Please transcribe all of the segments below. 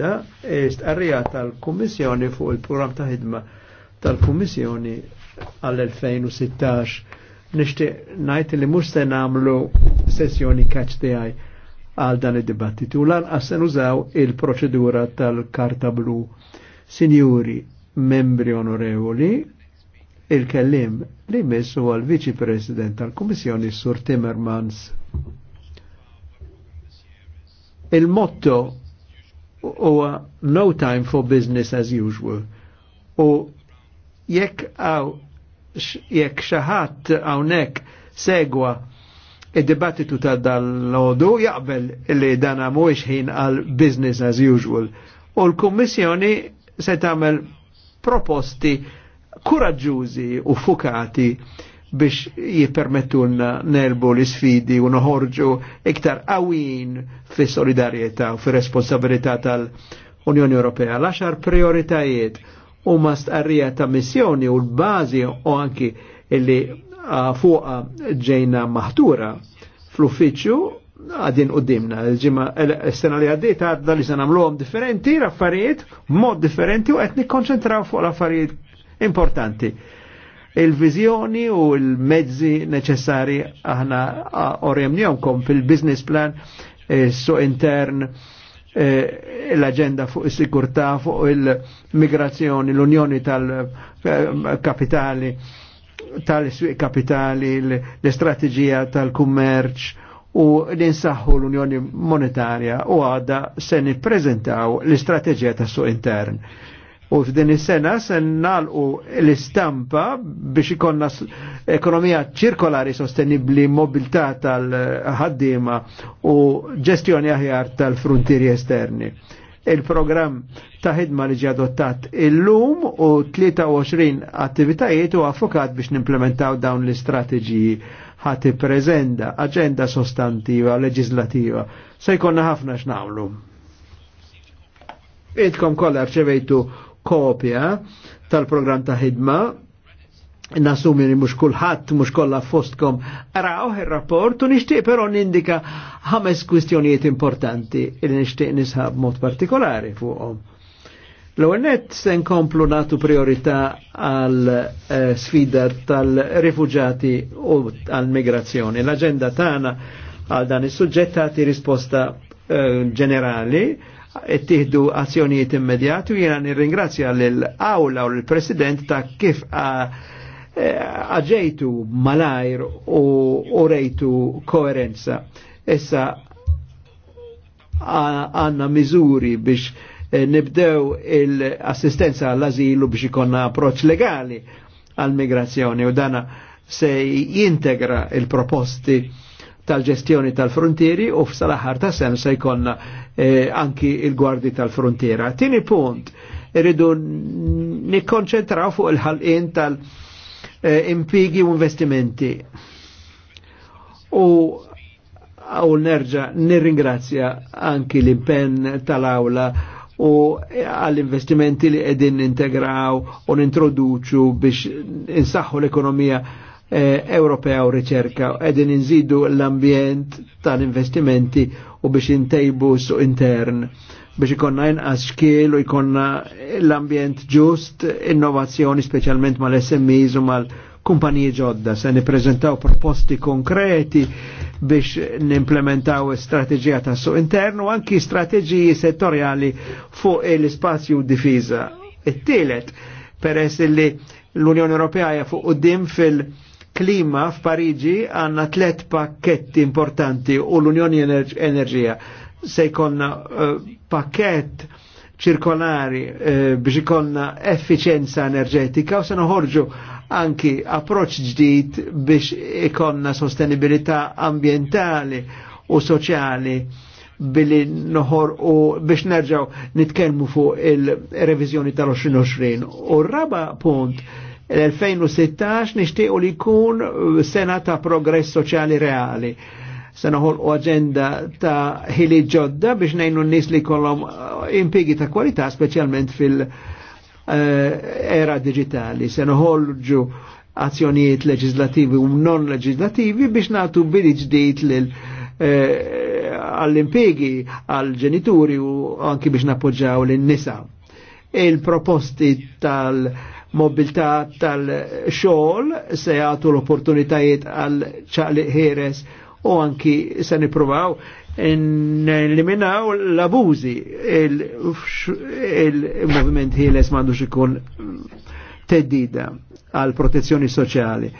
Da e, arrijata l-Kommissjoni fuq il-programm ta' ħidma tal-Kummissjoni għall-2016 nixtieq ngħid li mhux se nagħmlu sessjoni catch the eye għal dan id-dibattitu lanqas se nużaw il-proċedura tal-karta blu. Sinjuri, membri onorevoli, il-kellim li messu għal viċi president tal kommissjoni Sur Timmermans. Il-motto huwa no time for business as usual. U jekk għaw jekk xaħat għawnek segwa id-dibattitu ta' dal-ħodu jaqbel li dana mhuwiex ħin għal business as usual. U l-Kummissjoni se tagħmel proposti kuraġġużi u fukati biex jipermettulna nelbu l-sfidi u noħorġu iktar għawin fi solidarieta u fi responsabilità tal-Unjoni Ewropea. l prioritajiet u ma stqarrija ta' missjoni u l-bazi u anki illi fuqa ġejna maħtura fl-uffiċju għadin u dimna. Ġima s-sena li għaddit għadda li sena mluħom differenti, raffariet, mod differenti u għetni konċentraw fuq raffariet importanti il-vizjoni u l-mezzi neċessari aħna orjemnijomkom fil-business plan, e, so intern, e, l-agenda fuq is fuq il-migrazzjoni, l-unjoni tal-kapitali, e, tal-iswiq kapitali, l-istrateġija istrategija tal kummerċ u ninsaħħu l-Unjoni Monetarja u għada se nippreżentaw l istrategija tas-suq intern. U f'din is-sena se nagħlqu l-istampa biex ikonna ekonomija ċirkolari sostenibbli, mobilità tal-ħaddiema u ġestjoni aħjar tal-frontieri esterni il-programm ta' ħidma li ġi adottat illum u 23 attivitajiet u affokat biex nimplementaw dawn l-istrateġiji ħadd prezenda, aġenda sostantiva, leġislativa. Se jkollna ħafna x'nawlu. Intkom kollha rċevejtu kopja tal program ta' ħidma nasumi li mux kullħat, mux kolla fostkom raw il-rapport u nishtiq pero nindika ħames kwistjonijiet importanti li nishtiq nisħab mod partikolari fuqom. L-għonet se nkomplu natu priorità għal eh, sfida tal-rifugġati u għal-migrazzjoni. L-agenda tana għal dan il-sujġett tati risposta eh, ġenerali uh, tieħdu azzjonijiet immedjati u jiena nirringrazzja lill-Awla u l-President ta' kif e, aġejtu malajr u rejtu koerenza. Issa għanna miżuri biex e, nibdew il-assistenza għall-azilu biex ikonna approċ legali għall-migrazzjoni u dana se jintegra il-proposti tal-ġestjoni tal-frontieri u f-salaħar ta' sen se jkonna eh, anki il-gwardi tal-frontiera. Tini punt, irridu nikkonċentraw fuq il-ħalqin tal-impigi eh, u investimenti. U għaw nerġa nirringrazzja anki l-impenn tal-awla u għall-investimenti li edin integraw u nintroduċu biex insaħħu l-ekonomija eh, Ewropea u riċerka edin inżidu l-ambjent tal-investimenti u biex intejbu su intern biex ikonna inqas xkiel u ikonna l-ambjent ġust, innovazzjoni specialment mal-SMEs u mal-kumpaniji ġodda. Se niprezentaw proposti konkreti biex nimplementaw strategija ta' su internu, anki strategiji settoriali fuq l-spazju difiza. It-tielet, peress li l-Unjoni Ewropea fuq qudiem fil- klima f'Pariġi għanna tlet pakketti importanti u l-Unjoni Enerġija se jkollna uh, eh, pakket ċirkolari uh, biex ikonna effiċenza enerġetika u se noħorġu anki approċ ġdid biex ikonna sostenibilità ambientali u soċjali billi noħor u biex nerġaw nitkelmu fuq il-revizjoni tal-2020. U raba punt L-2016 nishtiqu li jkun uh, sena ta' progress soċjali reali. Se noħol u agenda ta' ħili ġodda biex nejnu n-nis li kollom uh, impigi ta' kwalità, specialment fil-era uh, digitali. Se ġu azzjonijiet leġislativi u non leġislativi biex natu bili ġdijt lil għall-impiegi, għall-ġenituri u anki biex napoġġaw l-nisa. Il-proposti tal- mobilità tal-xogħol se jagħtu l-opportunitajiet għal ċaqli ħeres u anki se n neliminaw l abuzi il movement ħeres mandu ikun teddida għal protezzjoni soċjali.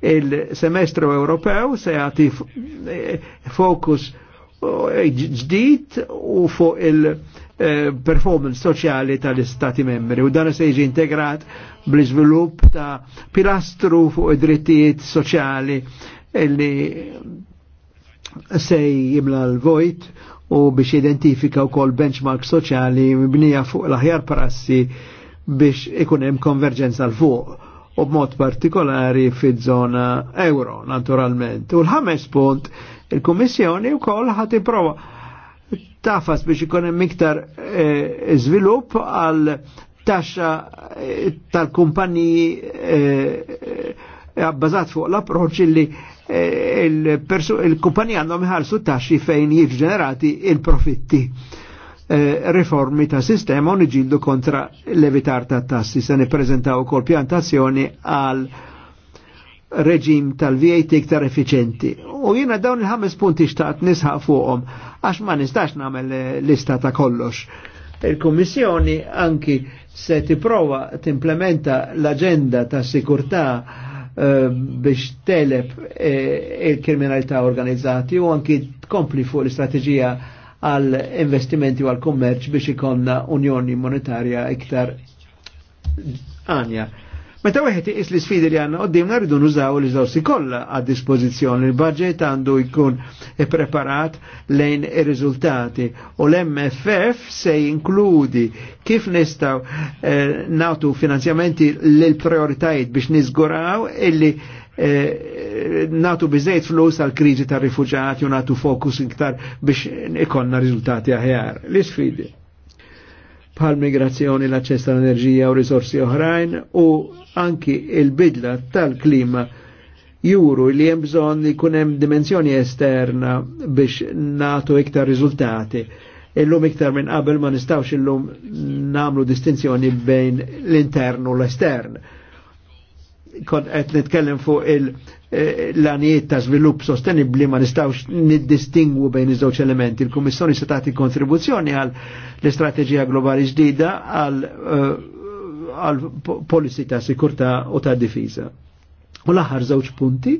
Il-semestru Ewropew se jagħti eh, fokus ġdid u fuq il- Eh, performance soċjali tal-Istati membri u dan se jiġi integrat bl-iżvilupp ta' pilastru fuq id-drittijiet soċjali li se jimla l-vojt u biex identifika u kol benchmark soċjali mibnija fuq l-aħjar prassi biex ikun hemm konverġenza l-fuq u b'mod partikolari fid zona euro naturalment. U l-ħames punt il-Kummissjoni wkoll ħadd ipprova tafas biex ikun hemm iktar eh, żvilupp għal taxxa eh, tal-kumpaniji għabbażat eh, fuq l-approċ li il-kumpanija għandhom iħarsu taxxi fejn jiġġenerati il-profitti. Riformi ta' sistema u niġildu kontra l-evitar ta' tassi se nippreżentaw kol pjantazzjoni għal reġim tal-VAT iktar effiċenti. U jiena dawn il-ħames punti xtaqt nisħaq fuqhom għax ma nistax nagħmel eh, lista ta' kollox. Il-Kummissjoni anki se tipprova timplementa l-aġenda ta' sikurta eh, biex teleb eh, il-kriminalità organizzati u anki tkompli fuq l-istrateġija għal investimenti u għal kummerċ biex ikonna unjoni monetarja iktar għanja Meta wieħed is li sfidi li għandna qoddimna rridu nużaw li żawsi kollha għad dispożizzjoni. Il-budget għandu jkun ippreparat lejn ir-riżultati u l-MFF se jinkludi kif nistgħu eh, nagħtu finanzjamenti lil prioritajiet biex niżguraw illi eh, natu bizzejt flus għal kriżi tar rifugjati u natu fokus iktar biex ikonna rizultati aħjar. L-isfidi bħal migrazzjoni l-aċċess tal-enerġija u risorsi oħrajn u anki il-bidla tal-klima juru li hemm bżonn li hemm dimensjoni esterna biex natu iktar riżultati. Illum iktar minn qabel ma nistawx illum namlu distinzjoni bejn l-intern u l-estern. Kont qed nitkellem fuq il- l-għaniet ta' svilupp sostenibli ma nistawx niddistingwu bejn iż-żewġ elementi. Il-Kummissjoni se tagħti kontribuzzjoni għal l-istrateġija globali ġdida għal eh, għal policy ta' sikurta u ta' difiża. U l-aħħar żewġ punti.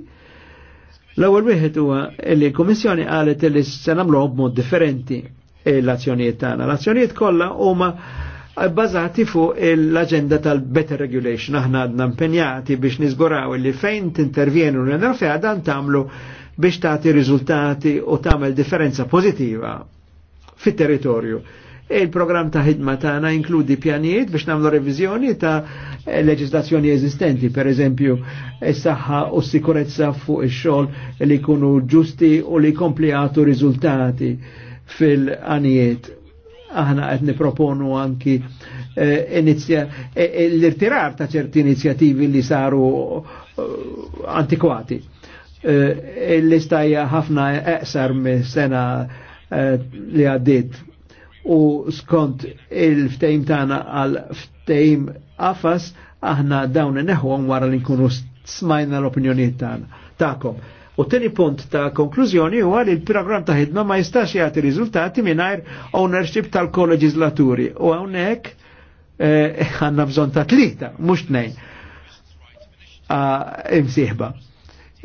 L-ewwel wieħed huwa li l-Kummissjoni qalet li se nagħmluhom b'mod differenti eh, l-azzjonijiet tagħna. L-azzjonijiet kollha huma bazati fuq l-agenda tal-better regulation. Aħna għadna impenjati biex nizguraw li fejn t-intervjenu l enerfija dan tamlu biex tagħti riżultati u tagħmel differenza pozitiva fit-territorju. Il-programm ta' ħidma tagħna inkludi pjanijiet biex nagħmlu reviżjoni ta' leġislazzjoni eżistenti, per eżempju, is-saħħa u s-sikurezza fuq ix-xogħol li jkunu ġusti u li jkompli riżultati fil-anijiet aħna qed niproponu anki eh, eh, eh, l-irtirar ta' ċerti inizjativi li saru antikwati. L-istajja ħafna eqsar minn sena li għaddit u skont il-ftejm tagħna għal ftejm qafas aħna dawn neħwhom wara li nkunu smajna l-opinjonijiet tagħna. Takom. Ta U teni punt ta' konklużjoni huwa li l-programm ta' ħidma ma jistax jagħti riżultati mingħajr ownership tal-koleġislaturi. U hawnhekk eh, għandna eh, bżonn ta' tlieta, mhux tnejn. Imsieħba.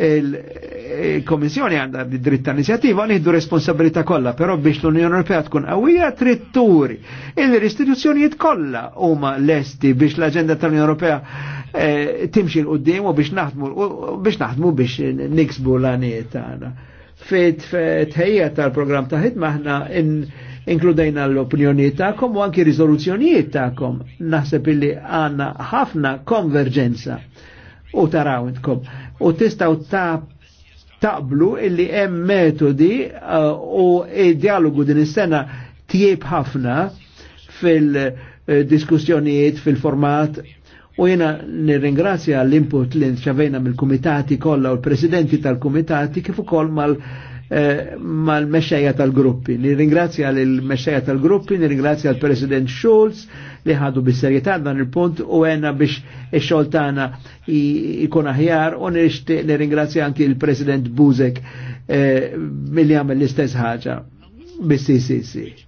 Il-Komissjoni eh, għandha dritt ta' inizjattiva nieħdu responsabilità kollha, però biex l-Unjoni Ewropea tkun qawwija trid turi. Il-istituzzjonijiet kollha huma lesti biex l-aġenda tal-Unjoni Ewropea Eh, timxi l-qoddim u biex naħdmu biex naħdmu biex niksbu l-għaniet tagħna. Fit tħejja tal-programm ta' ħidma aħna inkludajna l-opinjoni ta'kom u anki rizoluzzjonijiet ta'kom. Naħseb illi għanna ħafna konverġenza u taraw intkom. U tistaw ta' taqblu illi hemm metodi eh, u dialogu din is-sena tjieb ħafna fil-diskussjonijiet eh, fil-format U jena nirringrazzja l-input li nċavejna mill-komitati kollha u l-presidenti tal-komitati kif ukoll mal- eh, mal-mexxejja tal-gruppi. Nirringrazzja l-mexxejja tal-gruppi, nirringrazzja l-President Schulz li ħadu bis-serjetà dan il-punt u għenna biex ix-xogħol tagħna ikun aħjar u nixtieq nirringrazzja anki l-President Buzek eh, milli għamel l-istess ħaġa bis-CCC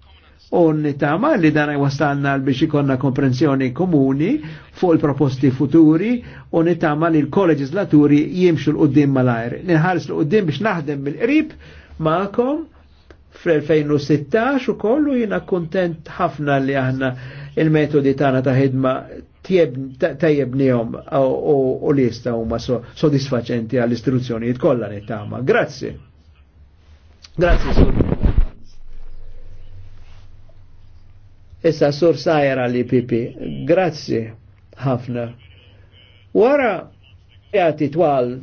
u tama li dan għastanna biex ikonna komprensjoni komuni fuq il-proposti futuri u tama li l-kolleġislaturi jimxu l-qoddim mal-ajr. Nħarris l-qoddim biex naħdem mill-qrib ma'kom fl-2016 u kollu jina kontent ħafna li aħna il-metodi tagħna ta' ħidma jom u li jistgħu huma sodisfaċenti għall-istruzzjonijiet kollha nittama. Grazzi. Grazzi, Sur. Issa sur sajra li pipi. Grazzi ħafna. Wara jati twal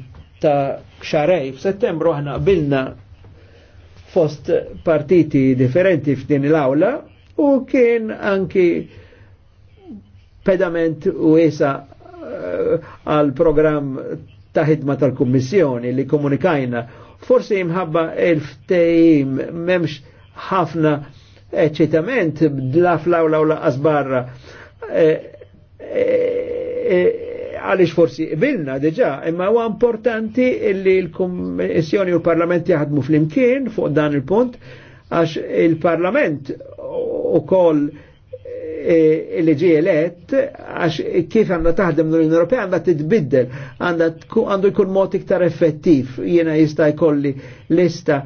ta' xarej, f'settembru aħna bilna fost partiti differenti f'din l-awla u kien anki pedament u isa eh, għal uh, program ta' ħidma tal-Kummissjoni li komunikajna. Forsi imħabba il-ftejim memx ħafna eċitament bdla flawla u laqqas barra. E, e, e, għalix forsi bilna deġa, imma huwa importanti li l-Kommissjoni u l-Parlament jaħdmu fl-imkien fuq dan il-punt, għax il-Parlament u koll li ġi elett, għax kif għanda taħdem l-Unjoni Ewropea għanda titbiddel, għandu jkun mod iktar effettiv, jena jista' jkolli lista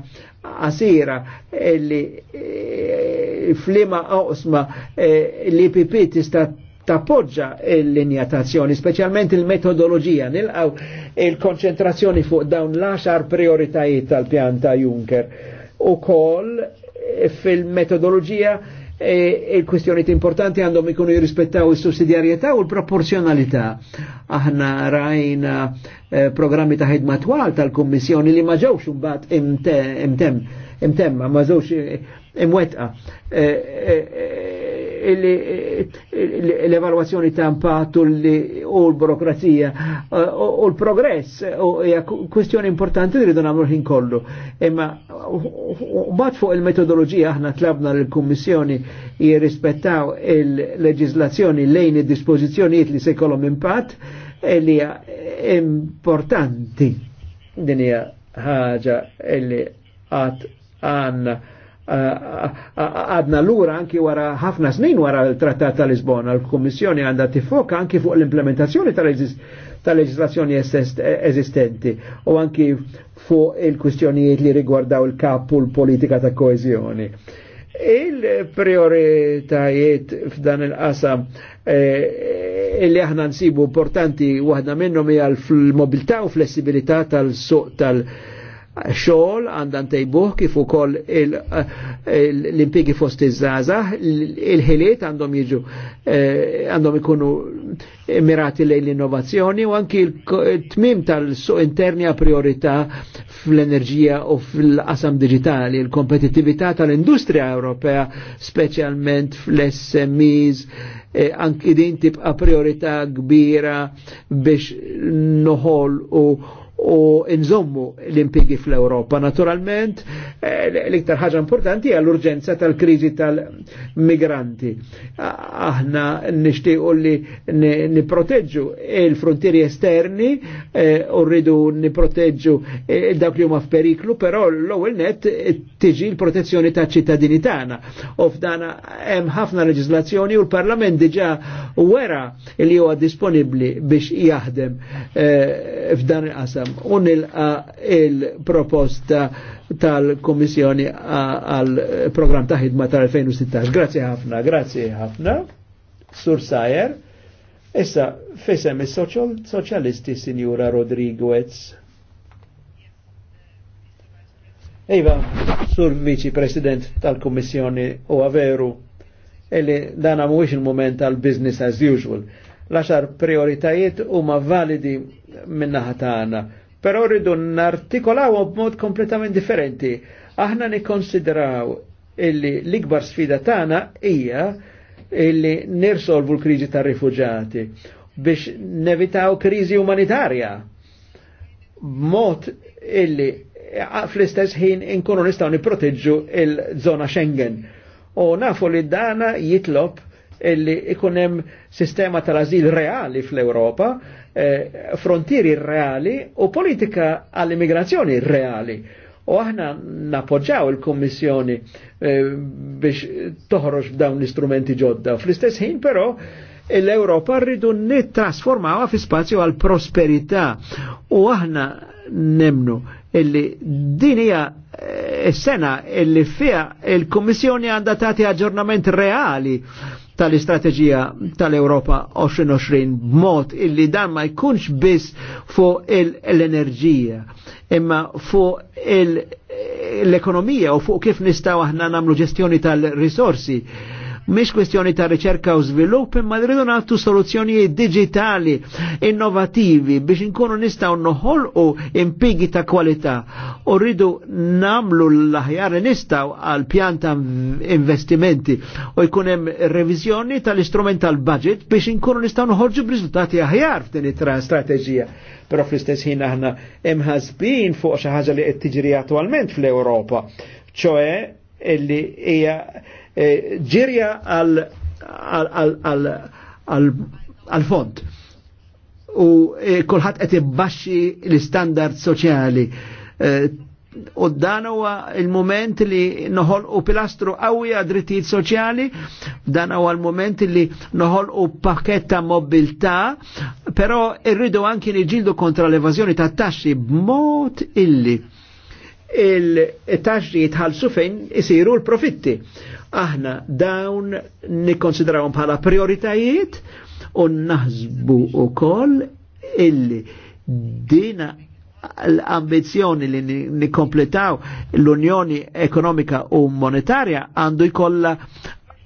qasira li eh, flima oqsma eh, li PP tista' tappoġġa l injatazzjoni specialment speċjalment il-metodoloġija, nilqaw il-konċentrazzjoni fuq dawn l axar prioritajiet tal-pjanta Juncker u kol eh, fil metodologija il-kwestjoni e, e importanti għandhom ikunu jirrispettaw il-sussidjarjetà u l-proporzjonalità. Aħna rajna e, programmi ta' ħidma twal tal-Kummissjoni li ma ġewx imbagħad imtem imtemma ma żewx imwetqa l evaluazzjoni ta' impattu u l-burokrazija u l-progress u kwestjoni importanti li rridu nagħmlu ħin kollu. Imma bat fuq il metodologija aħna tlabna l kommissjoni jirrispettaw il leġizlazzjoni lejn il dispożizzjonijiet li se jkollhom impatt e li hija importanti din hija ħaġa li għat għanna għadna l-ura anki wara ħafna snin wara l-Trattat ta' Lisbona, l-Kommissjoni għandha tifoka anki fuq l-implementazzjoni tal-leġislazzjoni eżistenti u anki fuq il-kwistjonijiet li rigwardaw il-kap u l-politika ta' koezjoni. Il-prioritajiet f'dan il-qasam eh, illi aħna nsibu importanti waħda minnhom hija l-mobilità u flessibilità tal-suq tal-, -suq tal xol għandan tejbuh kif ukoll l impigi fost iż-żgħażagħ, il-ħiliet għandhom jiġu eh, għandhom ikunu mirati lejn l-innovazzjoni u anki l-tmim tal-suq interni għal priorità fl-enerġija u fl-qasam digitali, l kompetitività tal-industrija Ewropea, speċjalment fl-SMEs, eh, anki din tibqa priorità kbira biex noħol u u nżommu l-impigi fl-Europa. Naturalment, eh, l-iktar ħaġa importanti hija l-urġenza tal-kriżi tal-migranti. Aħna nishtiqu li niproteġu il-frontieri esterni eh, u rridu niproteġu eh, dawk li huma f'periklu, però l-ewwel net tiġi l-protezzjoni ta' ċittadini tagħna. U f'dana hemm ħafna leġislazzjoni u l-Parlament diġà wera li huwa disponibbli biex jaħdem f'dan il-qasam unil nilqa il-proposta tal-Komissjoni għal program ta' ħidma tal-2016. Grazie ħafna, grazie ħafna. Sur Sajer. Issa, fisem il-soċjalisti Signora Rodriguez. Iva, sur viċi president tal-Komissjoni u għaveru, illi dana mhuwiex il-moment tal-business as usual. Laxar prioritajiet huma validi minnaħa tagħna. Però rridu nartikolaw b'mod kompletament differenti. Aħna nikkonsideraw illi l-ikbar sfida tagħna hija illi nirsolvu l-kriġi tar-rifuġati biex nevitaw kriżi umanitarja. B'mod illi fl-istess ħin inkunu nistgħu nipproteġġu il zona Schengen. U nafu li dana jitlob illi ikunem sistema tal-azil reali fl-Europa Eh, frontieri reali u politika għall-immigrazzjoni reali. U aħna napoġġaw il-Kommissjoni eh, biex toħroġ dawn l-istrumenti ġodda. Fl-istess ħin però l-Europa rridu nittrasformawa fi spazju għal prosperità u aħna nemnu illi din hija eh, s-sena illi fija il-Kommissjoni għandha tagħti aġġornament reali tal-istrateġija tal-Europa 2020 b'mod illi dan ma jkunx biss fuq l-enerġija imma fuq l-ekonomija u fuq kif nistaw aħna namlu ġestjoni tal-risorsi Mhix kwestjoni ta' riċerka u żvilupp, imma rridu nagħtu soluzzjonijiet digitali innovativi biex inkunu nistgħu noħolqu impigi ta' kwalità. U rridu namlu l-aħjar nistgħu għal pjan ta' investimenti u jkun hemm reviżjoni tal-istrument tal-budget biex inkunu nistgħu noħorġu b'riżultati aħjar f'din it-strateġija pero fl-istess ħin aħna imħasbin fuq xi ħaġa li qed tiġri attwalment fl-Ewropa, ċoe illi hija Eh, ġirja għal-fond. U eh, kolħat qed ibbaxxi l standard soċjali. Eh, u dan huwa il-moment li noħol u pilastru għawi għad drittijiet soċjali, dan huwa il moment li noħol u pakketta mobilta pero irridu anki niġildu kontra l-evażjoni tat-taxxi b'mod illi il-taxxi jitħalsu fejn isiru l-profitti. Aħna dawn nikkonsidrawhom bħala prioritajiet u naħsbu wkoll illi dina l-ambizjoni li nikompletaw l-Unjoni Ekonomika u Monetarja għandu jkolla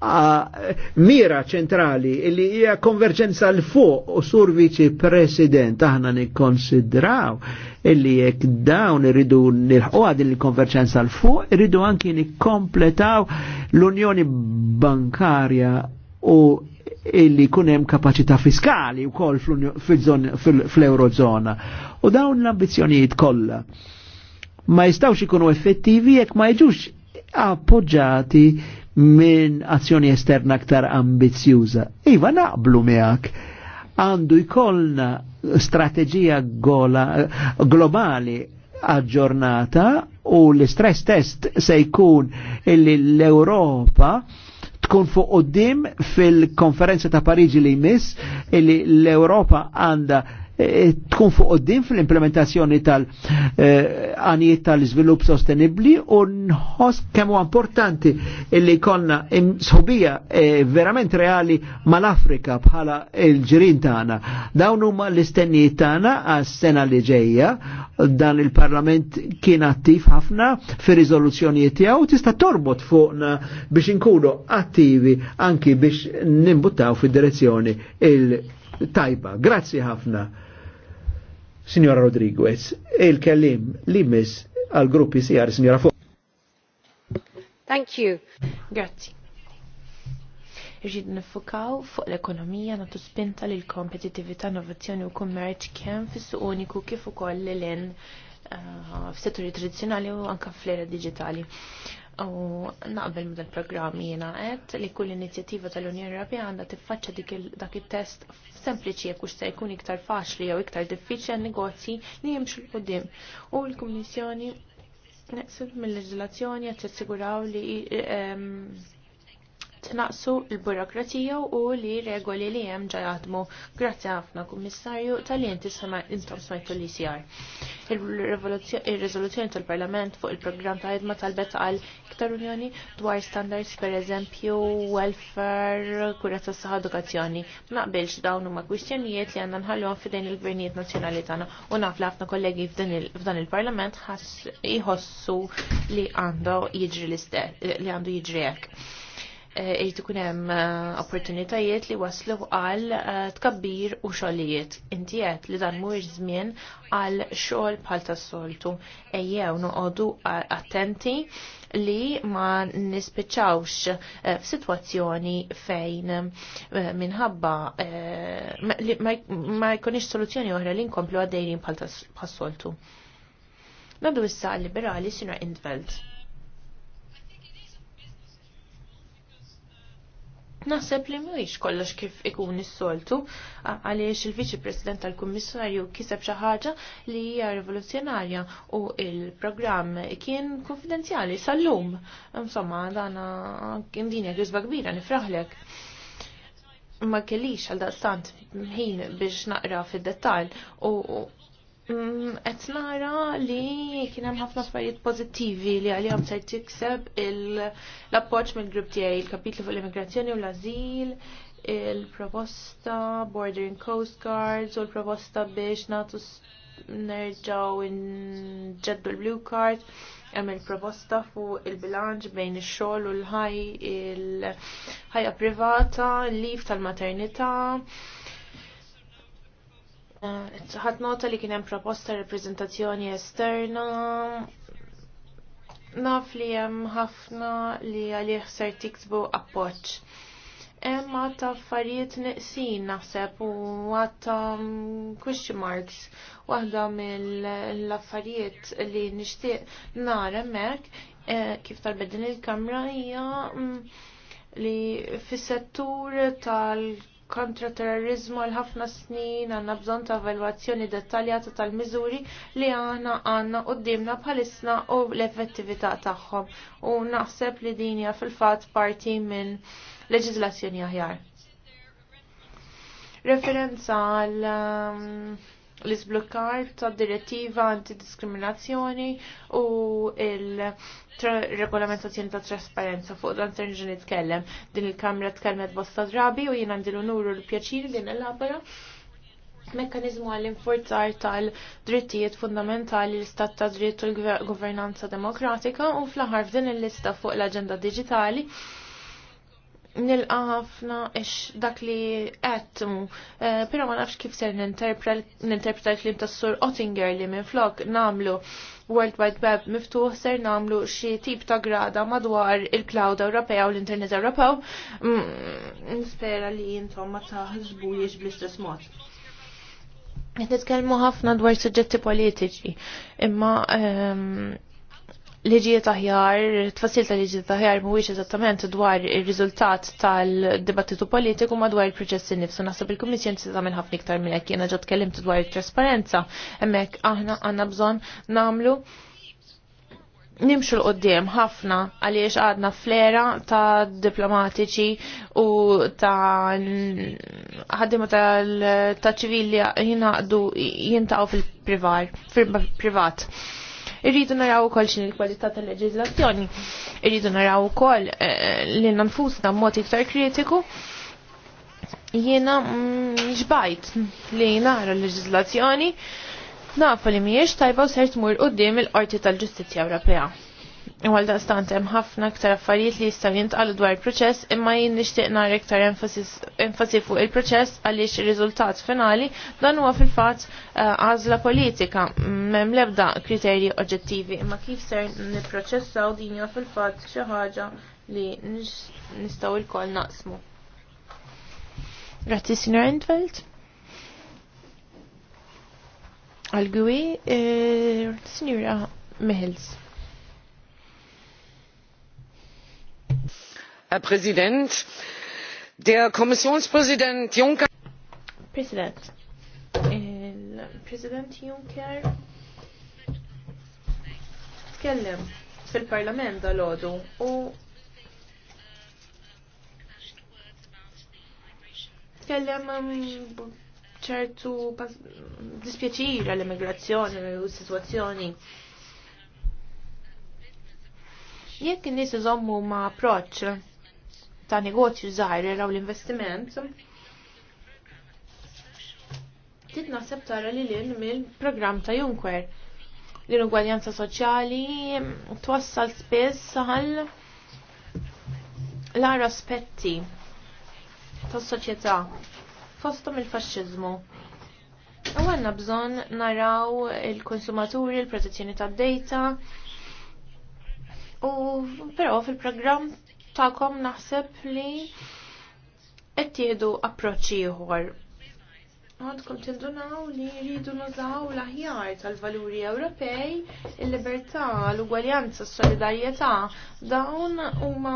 mira ċentrali illi hija konverġenza l fuq u sur viċi president aħna nikkonsidraw illi jekk dawn irridu nilħuqa għad il-konverġenza l fuq irridu anki nikkompletaw l-Unjoni Bankarja u illi kunem kapaċità fiskali u fl-eurozona. U dawn l-ambizjonijiet kollha ma jistawx ikunu effettivi jekk ma jġux appoġġati minn azzjoni esterna aktar ambizjuża. Iva naqblu miegħek għandu jkollna strateġija globali aġġornata u l-stress test se jkun illi l-Europa tkun fuq qoddim fil-konferenza ta' Pariġi li jmiss illi l-Europa għanda tkun fuq din fl-implementazzjoni tal-għanijiet tal eh, izvilup sostenibli u nħoss kemm importanti illi konna sħobija eh, verament reali mal-Afrika bħala il-ġirin tagħna. Dawn huma l-istennijiet tagħna għas-sena li ġejja dan il-Parlament kien attiv ħafna fi riżoluzzjonijiet tiegħu tista' torbot fuqna biex inkunu attivi anki biex nimbuttaw fid-direzzjoni il-tajba. Grazzi ħafna. Signora Rodriguez, e il-kellim li mis għal gruppi sijar, signora Fu. Thank you. Grazie. Irrid nifukaw fuq l-ekonomija natu spinta l kompetitività innovazzjoni u kummerċ kemm fis-suq uniku kif ukoll l-len uh, eh, setturi tradizzjonali u anke fl-era digitali. U naqbel mid il programm jiena qed li kull inizjattiva tal-Unjoni Ewropea għandha tiffaċċja dak it-test sempliċi jekk se jkun iktar faċli jew iktar diffiċli għan-negozji li jimxu l-qudiem. U l-Kummissjoni neqsib mill-leġilazzjoni qed tissiguraw li ehm, tnaqsu l-burokratija u li regoli li hemm ġa jaħdmu. Grazzi ħafna Kummissarju tal-inti intom smajtu l-ICR. Ir-riżoluzzjoni tal-Parlament fuq il-programm ta' tal talbet għal iktar Unjoni dwar standards per eżempju welfare, kura s saħħa edukazzjoni. Naqbilx dawn huma kwistjonijiet li għandna nħallhom f'din il-gvernijiet nazzjonali tagħna u naf ħafna kollegi f'dan il-Parlament ħass jħossu li għandu jiġri l-istess li għandu jiġri hekk irid eh, ikun hemm eh, opportunitajiet li waslu għal eh, tkabbir u xogħlijiet. Inti qed li dan mhuwiex żmien għal xogħol bħal tas-soltu. Ejjew noqogħdu attenti li ma nispiċċawx f'sitwazzjoni fejn minħabba ma jkunix soluzzjoni oħra li nkomplu għaddejjin bħal tas-soltu. Nadu issa liberali sinu Indveld. Naħseb li mhuwiex kollox kif ikun is-soltu għaliex il-Viċi President tal-Kummissarju kiseb xi ħaġa li hija rivoluzzjonarja u il-programm kien konfidenzjali sal-lum. Insomma, dan kien din hija kisba kbira nifraħlek. Ma kellix għal daqstant ħin biex naqra fid-dettall u Qed mm, nara li kien hemm ħafna affarijiet pożittivi li għalihom se tikseb l-appoġġ mill-grupp tiegħi il-kapitlu fuq l-immigrazzjoni u l-ażil, il-proposta Border and Coast Guards u l-proposta biex nagħtu nerġgħu nġeddu l-Blue Card hemm il-proposta fuq il-bilanċ bejn ix-xogħol u l-ħaj il-ħajja privata, l-lif tal-maternità ħadd nota li kien hemm proposta reprezentazzjoni esterna naf li hemm ħafna li għalih ser tiksbu appoġġ. Hemm ta' affarijiet neqsin naħseb u għatta question marks waħda mill-affarijiet li nixtieq nara hemmhekk eh, kif tal-bedin il-kamra hija mm, li fis-settur tal- kontra terrorizmu għal ħafna snin għanna bżon ta' evalwazzjoni dettaljata tal-miżuri li għana għanna u d-dimna bħalisna u l-effettività tagħhom u naħseb li dinja fil-fat parti minn leġizlazzjoni aħjar. Referenza għal um, l-izblokkar ta' direttiva antidiskriminazzjoni u il-regolamentazzjoni ta' trasparenza fuq dan ser nġi nitkellem. Din il-Kamra tkellmet bosta drabi u jien għandilu nuru l-pjaċir li labra mekkanizmu għall-infurzar tal-drittijiet fundamentali l-istat ta' dritt u l-governanza demokratika u fl-ħarf din il-lista fuq l-agenda digitali nilqa ħafna ix dak li qed eh, però ma nafx kif ser ninterpreta l-klim ta' sur Ottinger li minn flok namlu World Wide Web miftuħ ser namlu xi tip ta' grada madwar il-cloud Ewropea u l-Internet Ewropew. Mm, nispera li intom ma taħsbu jiex bl-istess mod. Nitkellmu ħafna dwar suġġetti politiċi, imma ehm, liġijiet aħjar, tfassil ta' liġijiet aħjar mhuwiex eżattament dwar ir-riżultat tal-dibattitu politiku ma dwar il-proċess innifsu. Naħseb il-Kummissjoni se tagħmel ħafna iktar minn hekk jiena ġod tkellimt dwar it-trasparenza. Hemmhekk aħna għandna bżonn nagħmlu nimxu l-qoddim ħafna għaliex għadna flera ta' diplomatiċi u ta' ħaddima ta' ċivili jinaqdu jintaqgħu fil-privat. Irridu naraw ukoll x'in il-kwalità tal-leġiżlazzjoni. Irridu naraw ukoll eh, li nfusna mod iktar kritiku. Jiena ġbajt mm, li nara l-leġiżlazzjoni nafu li mhijiex tajba u ser tmur qudiem il-Qorti tal-Ġustizzja Ewropea. Għal stant hemm ħafna aktar affarijiet li jistgħu jintqalu dwar il-proċess imma jien nixtieq nara iktar enfasi fuq il-proċess għaliex ir-riżultat finali dan huwa fil-fatt eh, għażla politika m'hemm l-ebda kriterji oġġettivi imma kif ser nipproċessaw din hija fil-fatt xi ħaġa li nistgħu lkoll naqsmu. Grazzi Sinjor Entfeld. Għal-gwi, eh, Sinjura Mihils. herr präsident! der kommissionspräsident juncker President. il Juncker tkellem fil-Parlament dal-ħodu u tkellem um, ċertu dispjaċir għall-immigrazzjoni u s sitwazzjoni Jekk n-nis ma' approċċ ta' negozju żgħar jaraw l-investiment. Tit naħseb tara li l-in mill program ta' Juncker. L-inugwaljanza soċjali twassal spess għal l-ar aspetti ta' soċjetà fostom il fasċizmu U għanna bżon naraw il-konsumaturi, il-protezzjoni ta' data. U però fil-programm tagħkom naħseb li qed jieħdu approċċi ieħor. Għadkom tindunaw li jridu nużaw l-aħjar tal-valuri Ewropej, il-libertà, l-ugwaljanza, s-solidarjetà. Dawn huma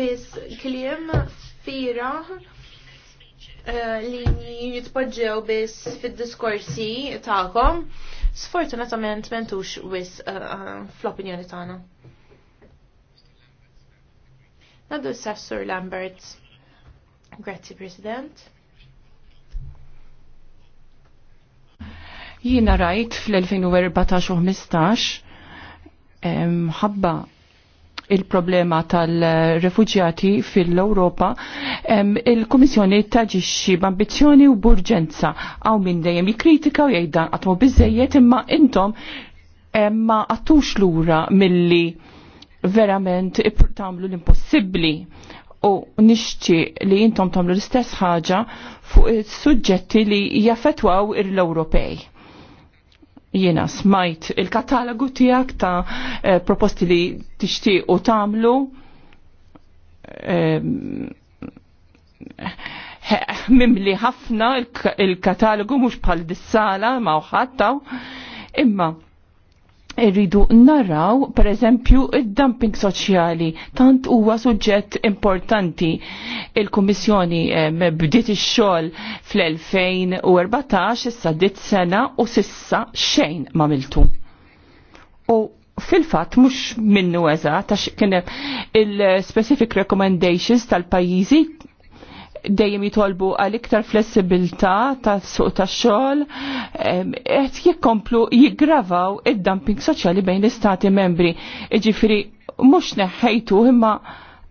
biss kliem fira eh, li jitpoġġew biss fid-diskorsi tagħkom. Sfortunatament mentux wis eh, eh, fl-opinjoni tagħna. Nadu s-sassur Lambert. Grazzi, President. Jina rajt fl-2014-15 ħabba il-problema tal-refugjati fil-Europa, il-Komissjoni taġiċi b'ambizzjoni u burġenza għaw minn dejjem jikritika u jgħidan għatmu bizzejiet imma intom ma għattux lura milli verament tagħmlu l-impossibbli u nixċi li jintom tagħmlu l-istess ħaġa fuq is-suġġetti li jaffetwaw l-Ewropej. Jiena smajt il-katalogu tiegħek ta' eh, proposti li tixtiequ tagħmlu. Ehm, mimli ħafna il-katalogu mhux bħal dissala sala ma' ħattaw imma irridu naraw, per eżempju, id-dumping soċjali. Tant huwa suġġett importanti. Il-Kummissjoni eh, bdiet ix-xogħol fl-2014 issa dit sena u sissa xejn ma miltu. U fil-fatt mhux minnu eżatt għax kien il-specific recommendations tal-pajjiżi dejjem jitolbu għal iktar flessibilità tas-suq tax-xogħol qed jikkomplu jiggravaw id-dumping soċjali bejn l-istati membri. Jiġifieri mhux neħħejtu imma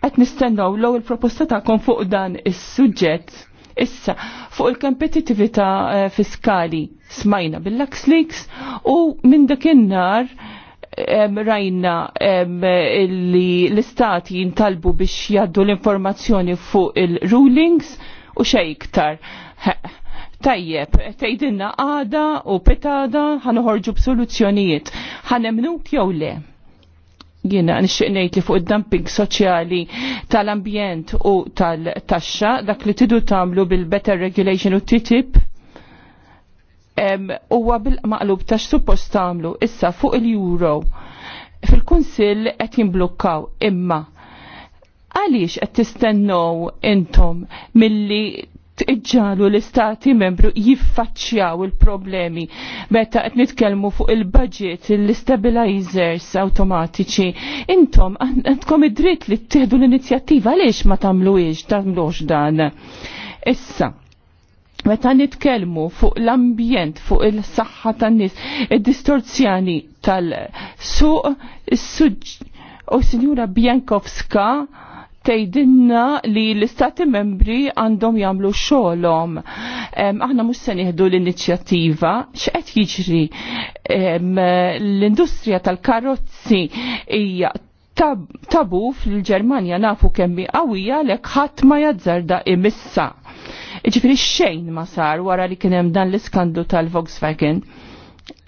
qed nistennew l il-proposta tagħkom fuq dan is-suġġett. Issa, fuq il-kompetitività eh, fiskali smajna bil-Lux Leaks u minn dak in-nar rajna li l-istati jintalbu biex jaddu l-informazzjoni fuq il-rulings u xej iktar. Tajjeb, tejdinna għada u petada ħanuħorġu b'soluzzjonijiet. ħanemnuk jew le? Jiena nixtieq ngħid li fuq id-dumping soċjali tal-ambjent u tal-taxxa dak li tidu tagħmlu bil-Better Regulation u TTIP huwa bil-maqlub ta' suppost tagħmlu issa fuq il-euro fil-kunsill qed jimblukkaw imma għaliex qed tistennow intom milli tġalu l-istati membru jiffaċċjaw il-problemi meta qed nitkellmu fuq il-budget l-stabilizers awtomatiċi. Intom għandkom id-dritt li ttieħdu l-inizjattiva għaliex ma tagħmluhiex tagħmlux dan. Issa, meta nitkellmu fuq l-ambjent, fuq il-saħħa tan-nies, id-distorzjani tal-suq, u oh, Sinjura Bjankowska tgħidilna li l-istati membri għandhom jagħmlu xogħolhom. Aħna mhux se nieħdu l-inizjattiva, x'qed jiġri l-industrija tal-karozzi hija tabu fil-Ġermanja nafu kemm qawwija lek ħadd ma jazzarda imissa Iġifiri xejn ma sar wara li kienem dan l-iskandlu tal-Volkswagen.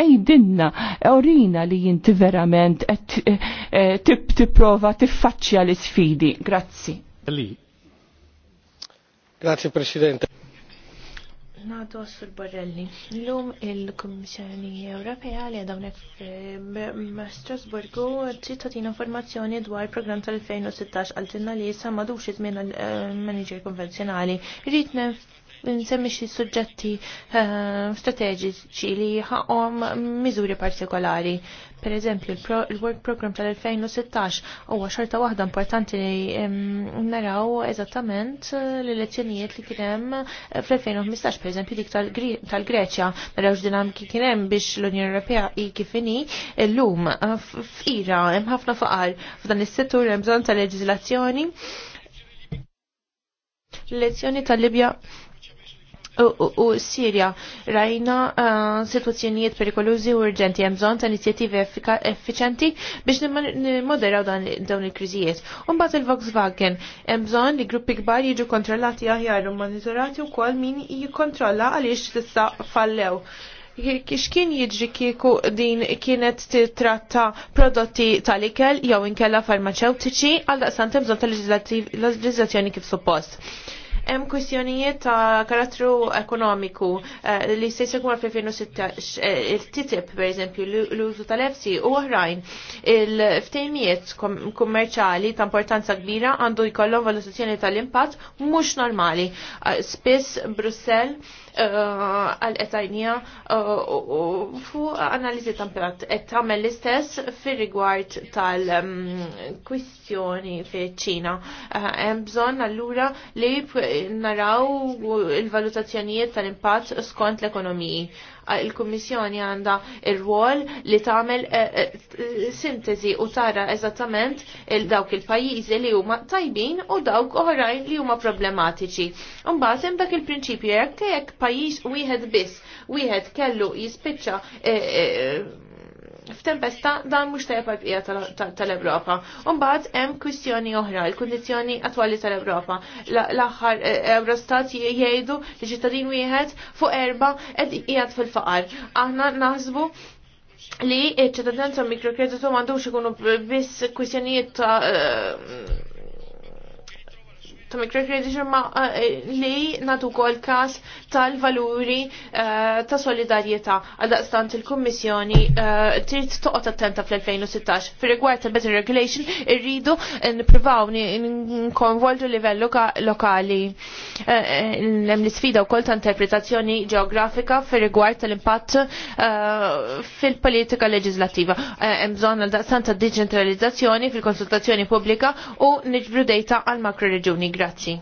Ejdinna, orina li jinti verament eh, eh, tipprova tiffaċċja l-sfidi. Grazzi. Grazie Presidente. Nadu sul Borrelli. L-lum il-Kommissjoni Ewropea li għadawnek Strasburgu ċittatina informazzjoni dwar program tal-2016 għal li jissa madux it-min eh, manager konvenzjonali. Rritnef nsemmi xi suġġetti eh, strateġiċi li ħaqhom miżuri partikolari. Per eżempju, il-Work Program tal-2016 huwa xorta waħda importanti li naraw eżattament eh, l-elezzjonijiet li kien hemm eh, fl-2015, per eżempju dik tal-Greċja, naraw x'dinamiki kien hemm biex l-Unjoni Ewropea hi kif inhi llum f'ira hemm ħafna faqar f'dan is-settur hemm bżonn tal-leġiżlazzjoni l-elezzjoni tal-Libja u Sirja rajna uh, situazzjonijiet perikolużi u urġenti hemm bżonn ta' inizjattivi effiċenti biex nimmoderaw dawn il-kriżijiet. Umbagħad il-Volkswagen hemm bżonn li gruppi kbar jiġu kontrollati aħjar u monitorati wkoll min jikkontrolla għaliex tista' fallew kiex kien jiġri kieku din kienet titratta prodotti tal-ikel jew inkella farmaceutiċi għal daqsan temżon tal-leġizzazzjoni kif suppost. Hemm kwistjonijiet ta' karattru ekonomiku eh, li se jkun fil-2016 eh, il-TTIP pereżempju l-użu tal-EFSI u oħrajn il-ftejmijiet kummerċali ta' importanza kbira għandu jkollhom valutazzjoni tal-impatt mhux normali. Eh, spiss Brussell Eh, għal-etajnija eh, fu analizi temperat et tamel l-istess fir rigward tal-kwistjoni mm, fi ċina. Eh, hemm bżonn allura li naraw il-valutazzjonijiet tal-impatt skont l-ekonomiji il-Kummissjoni għandha il rwol li tagħmel eh, eh, sintesi u tara eżattament il dawk il-pajjiżi li huma tajbin u dawk oħrajn li huma problematiċi. Imbagħad hemm dak il-prinċipju jekk jekk pajjiż wieħed biss wieħed kellu jispiċċa eh, f'tempesta dan mhux tajjeb għall-bqija tal-Ewropa. Umbagħad hemm kwistjoni oħra, il-kundizzjoni attwali tal-Ewropa. L-aħħar eh, Eurostat jgħidu li ċittadin wieħed fuq erba' ed qiegħed fil-faqar. Aħna naħsbu li ċ-ċittadinanza mikrokreditu m'għandux ikunu biss kwistjonijiet ta' eh, ta' microcredit ma li natu kol kas tal-valuri eh, ta' solidarieta għal il-Kommissjoni eh, trid toqgħod attenta fl-2016. Fir-rigward ta' better regulation irridu n nkonvolġu livell lokali. Eh, hemm l-isfida wkoll ta' interpretazzjoni ġeografika fir-rigward tal-impatt fil-politika leġislattiva. Hemm bżonn għal ta' deċentralizzazzjoni fil-konsultazzjoni pubblika u niġbru data għal makro reġuni Grazzi.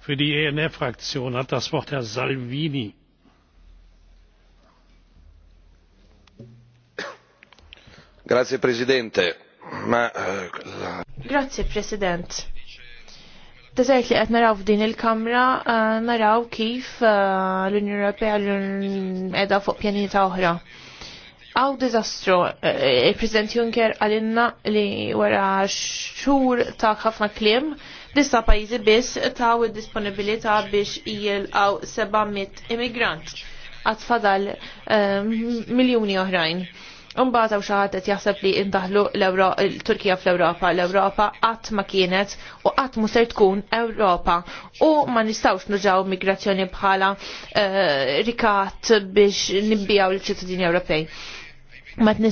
Für die ENF-Fraktion hat das Wort Herr Salvini. Grazie Presidente. Ma, eh, la... Grazie President. Deżert li qed naraw f'din il-Kamra eh, naraw kif eh, l-Unjoni Ewropea qiegħda fuq pjanita oħra għaw dizastro. E, e, Il-President Juncker għalinna li wara xur ta' ħafna klim, dista pajizi biss ta' u disponibilita biex għaw 700 immigrant. għat fadal e, miljoni oħrajn. Umbat għaw xaħat qed jaħseb li indahlu l-Turkija fl-Ewropa. L-Ewropa qatt ma kienet u qatt mu tkun Ewropa. U ma nistgħux nuġaw migrazzjoni bħala rikat biex nibbijaw l-ċittadini Ewropej ma t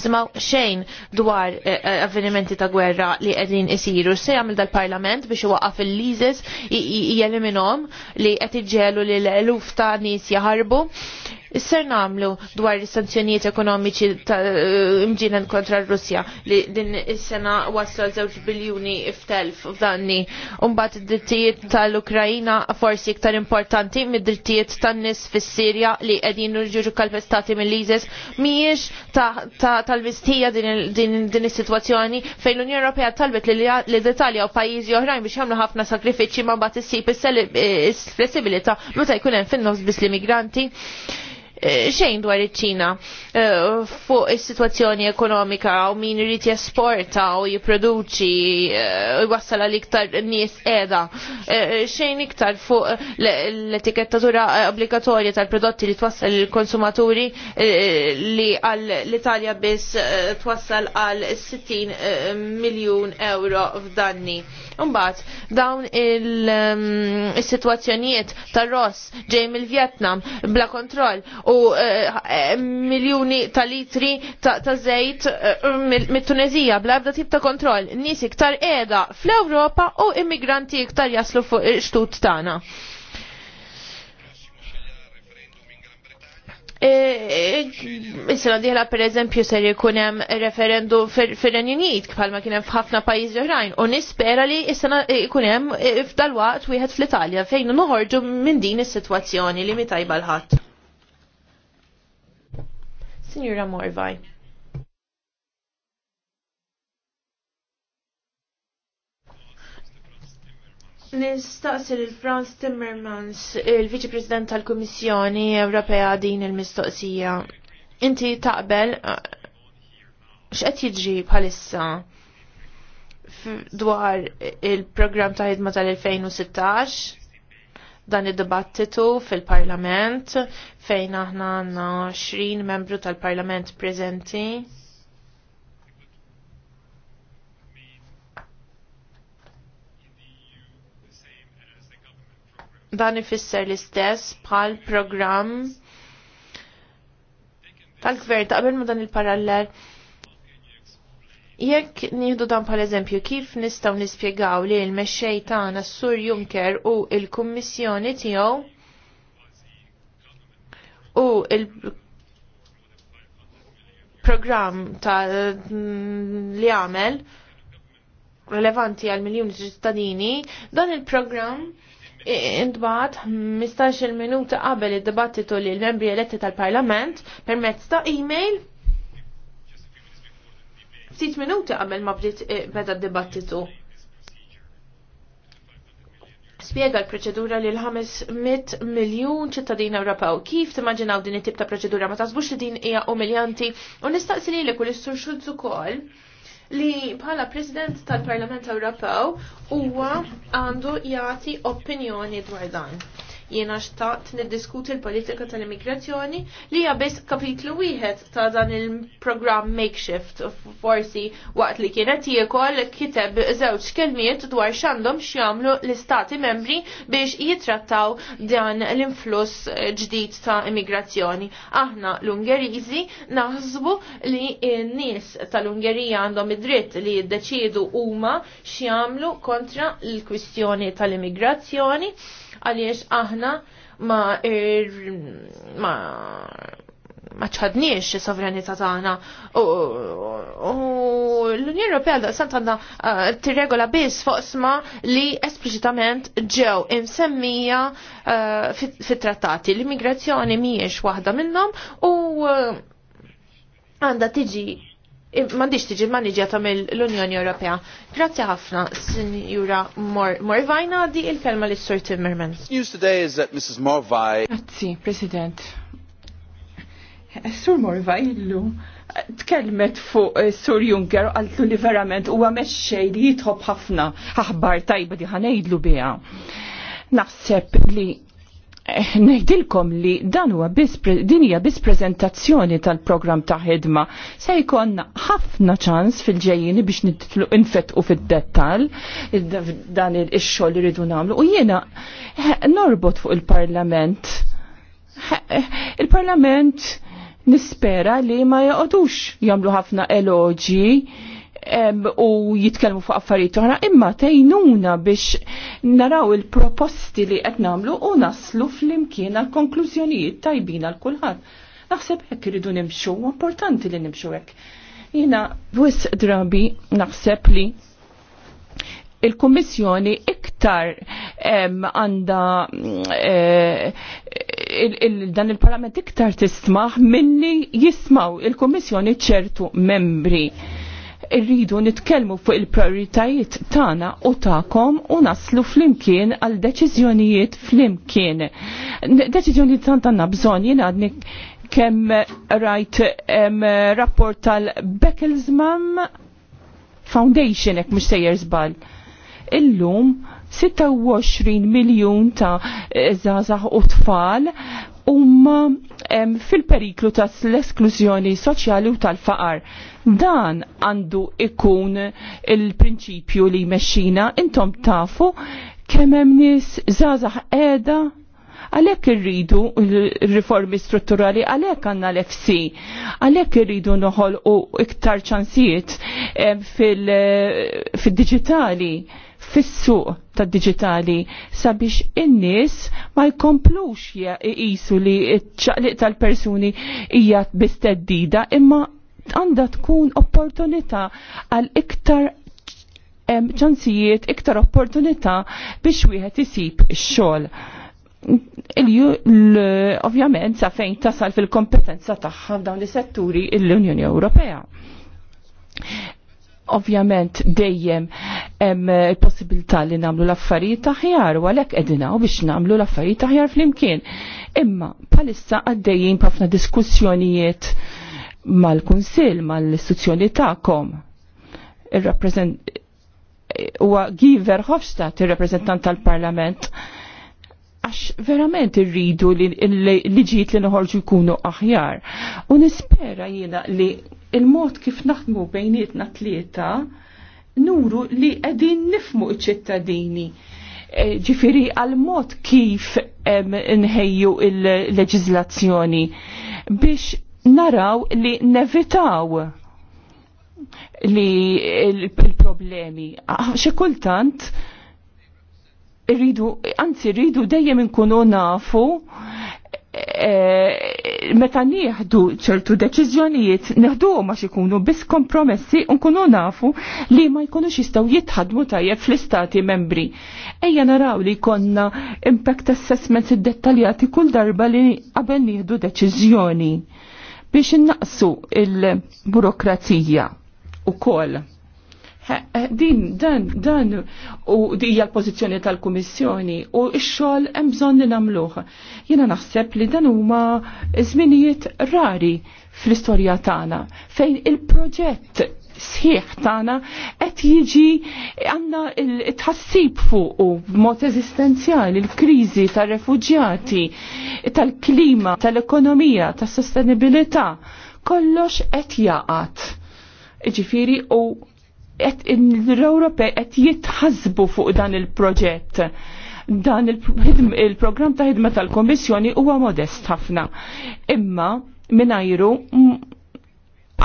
xejn dwar eh, eh, avvenimenti ta' gwerra li għedin isiru. Se għamil dal-parlament biex waqaf il lizis jeliminom li għed iġġelu li l-eluf ta' nis jaharbu. Isser namlu dwar is-sanzjonijiet ekonomiċi imġinan kontra r-Russja li din is-sena waslu għal żewġ biljuni f'telf f'danni. Umbat id-drittijiet tal-Ukrajina forsi iktar importanti mid-drittijiet tan-nies fis-Sirja li qegħdin irġiġu kalpestati mill-ISIS mhijiex tal-mistija din is-sitwazzjoni fejn l-Unjoni Ewropea talbet li l-Italja u pajjiżi oħrajn biex jagħmlu ħafna sakrifiċċji ma mbagħad issib is-flessibilità meta jkun hemm fin-nofs biss l-immigranti Eh, xejn dwar iċ-Ċina eh, fuq is-sitwazzjoni ekonomika u min irid jesporta u jipproduċi eh, u jwassal għal iktar nies qiegħda. Xejn iktar fuq l-etikettatura obbligatorja tal-prodotti li twassal il-konsumaturi li għal l-Italja biss twassal għal 60 miljun euro f'danni. Umbat, dawn il-sitwazzjonijiet mm, tar-Ross ġej mill-Vjetnam bla kontroll u Eh, eh, miljuni ta' litri ta' zejt eh, um, mit-Tunezija bla ebda tip ta' kontroll. Nis iktar qiegħda fl-Ewropa u immigranti iktar jaslu fuq xtut tagħna. Issa diħla per eżempju ser jkun hemm referendu fir-Renju Unit bħalma kien hemm f'ħafna pajjiżi oħrajn u nispera li issa jkun hemm f'dalwaqt wieħed fl-Italja fejn noħorġu minn din is-sitwazzjoni li mi l-ħadd. Signora Morvaj. Nistaqsil il-Franz Timmermans, il-Viċi President tal-Kummissjoni Ewropea din il-mistoqsija. Inti taqbel uh, x'qed jiġri bħalissa dwar il-programm ta' ħidma tal-2016? dan id-dibattitu fil-Parlament fejn aħna għandna 20 membru tal-Parlament preżenti. Dan ifisser l-istess bħal programm tal-gvern qabel ma dan il-parallel Jekk nieħdu dan pal eżempju kif nistgħu nispjegaw li l-mexxej tagħna Sur Juncker u l-Kummissjoni tiegħu u il program ta' li għamel relevanti għal miljoni ċittadini, dan il-programm mistax-il minuta qabel id-dibattitu li l-membri eletti tal-Parlament permezz ta' e-mail ftit minuti qabel ma bdiet eh, beda d-dibattitu. Spiega l-proċedura li l-500 miljon ċittadin Ewropew. Kif timmaġinaw din it-tip ta' proċedura ma tasbux li din hija umiljanti u nistaqsini li kull istur Schulz ukoll li bħala President tal-Parlament Ewropew huwa għandu jagħti opinjoni dwar dan jiena xtaqt niddiskuti l-politika tal-immigrazzjoni li hija biss kapitlu wieħed ta' dan il-programm makeshift forsi waqt li kienet jiekol kiteb żewġ kelmiet dwar x'għandhom x'jagħmlu l-istati membri biex jitrattaw dan l-influss ġdid ta' immigrazzjoni. Aħna l-Ungeriżi naħsbu li n-nies tal-Ungerija għandhom id-dritt li jiddeċiedu huma x'jagħmlu kontra l-kwistjoni tal-immigrazzjoni għaliex aħna ħafna ma ma ma ċadniex sovranità tagħna u l-Unjoni Ewropea sant għandha eh, tirregola biss fuq sma li espliċitament ġew insemmija eh, fit-trattati. L-immigrazzjoni mhijiex waħda minnhom u eh, għandha tiġi mandiġ tiġi maniġjata l unjoni Ewropea. Grazzi ħafna, Sinjura Morvajna, di il-kelma li s-sur Timmermans. News today is that Mrs. Morvaj. Grazzi, President. Sur Morvaj illu eh, tkelmet fuq eh, Sur Juncker għaltu li verament u għamesċej li jitħob ħafna aħbar tajba li ħanejdlu biha. Naħseb li Eh, nejdilkom li dan huwa din hija biss prezentazzjoni tal-programm ta' ħidma se jkollna ħafna ċans fil-ġejjini biex nitlu infetqu fid-dettall dan ix-xogħol iridu rridu nagħmlu u jiena eh, norbot fuq il-Parlament. Eh, Il-Parlament nispera li ma jaqodux jagħmlu ħafna eloġi u jitkellmu fuq affarijiet oħra, imma tejnuna biex naraw il-proposti li qed nagħmlu u naslu flimkien għall għal konklużjonijiet tajbin għal kulħadd. Naħseb hekk iridu nimxu, importanti li nimxu hekk. Jiena wis drabi naħseb li il-Kummissjoni iktar għanda eh, dan il-Parlament iktar tismaħ minni jismaw il-Kummissjoni ċertu membri irridu nitkellmu fuq il-prioritajiet tagħna u tagħkom u naslu flimkien għal deċiżjonijiet flimkien. Deċiżjonijiet tant għandna bżonn jien għadni kemm rajt rapport tal-Beckelsman Foundation hekk mhux sejjer żball. Illum 26 miljun ta' eh, żgħażagħ u tfal huma fil-periklu ta' l-esklużjoni soċjali u tal-faqar. Dan għandu ikun il-prinċipju li jmexxina intom tafu kemm hemm nies edha qiegħda għalhekk irridu riformi strutturali għalhekk għandna l-FC, għalhekk irridu noħolqu iktar ċansijiet fil-diġitali. Fil fis-suq tad-diġitali sabiex in-nies ma jkomplux jisu li ċaqliq tal-persuni hija bisteddida imma għandha tkun opportunità għal iktar ċansijiet, iktar opportunità biex wieħed isib ix-xogħol ovvjament sa fejn tasal fil-kompetenza tagħha f'dawn is-setturi l-Unjoni Ewropea ovvjament dejjem hemm eh, il-possibilità li nagħmlu l-affarijiet aħjar u għalhekk u biex nagħmlu l-affarijiet aħjar flimkien. Imma bħalissa għaddejjin b'ħafna diskussjonijiet mal-Kunsill, mal-istituzzjoni tagħkom. Ir-rappreżent huwa Giver Hofstadt, ir-rappreżentant tal-Parlament, għax verament irridu li liġijiet li noħorġu jkunu aħjar. U nispera jiena li il-mod kif naħdmu bejnietna tlieta nuru li qegħdin nifmu iċ-ċittadini. E, ġifiri għal-mod kif nħejju il-leġizlazzjoni biex naraw li nevitaw li il-problemi. Xi kultant irridu, anzi rridu dejjem inkunu nafu Eh, meta nieħdu ċertu deċiżjonijiet neħdu ma ikunu biss kompromessi nkunu nafu li ma jkunux jistgħu jitħadmu tajjeb fl-istati membri. Ejja naraw li konna impact assessments id-dettaljati kull darba li qabel nieħdu deċiżjoni biex innaqsu il-burokrazija u koll Din, dan, dan, u dija hija l-pozizjoni tal-Kummissjoni u x-xogħol hemm bżonn li nagħmluh. Jiena naħseb li dan huma żminijiet rari fl-istorja tagħna fejn il-proġett sħiħ tagħna qed jiġi għandna tħassib fuq u b'mod eżistenzjali l-kriżi tar-refuġjati, tal-klima, tal-ekonomija, tas-sostenibilità, kollox qed jaqat. Ġifiri u l-Ewropej qed jitħasbu fuq dan il-proġett. Dan il-programm ta' ħidma tal-Kommissjoni huwa modest ħafna. Imma minajru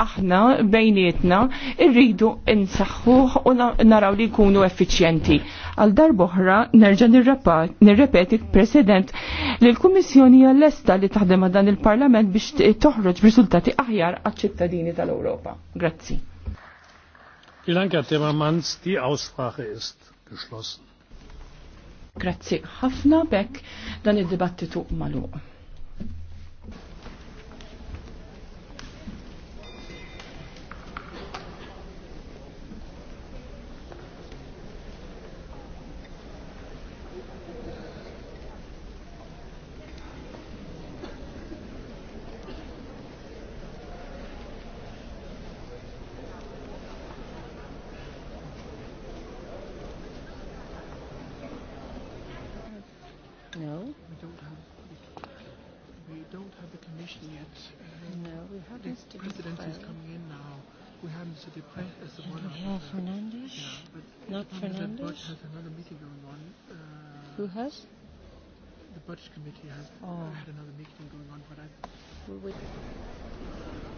aħna bejnietna irridu insaħħu u naraw li jkunu effiċjenti. Għal darboħra nerġa nirrepeti president li l-Kummissjoni għall-esta li taħdem dan il-Parlament biex toħroġ b'riżultati aħjar għal ċittadini tal-Ewropa. Grazzi. Grazie. ħafna bekk dan id-dibattitu magħluq. the president is coming in now. We have Mr. Depre as the one. We have Fernandez. Yeah, but Not Fernandez. The has another meeting going on. Uh, Who has? The budget committee has oh. had another meeting going on, but I. We'll would.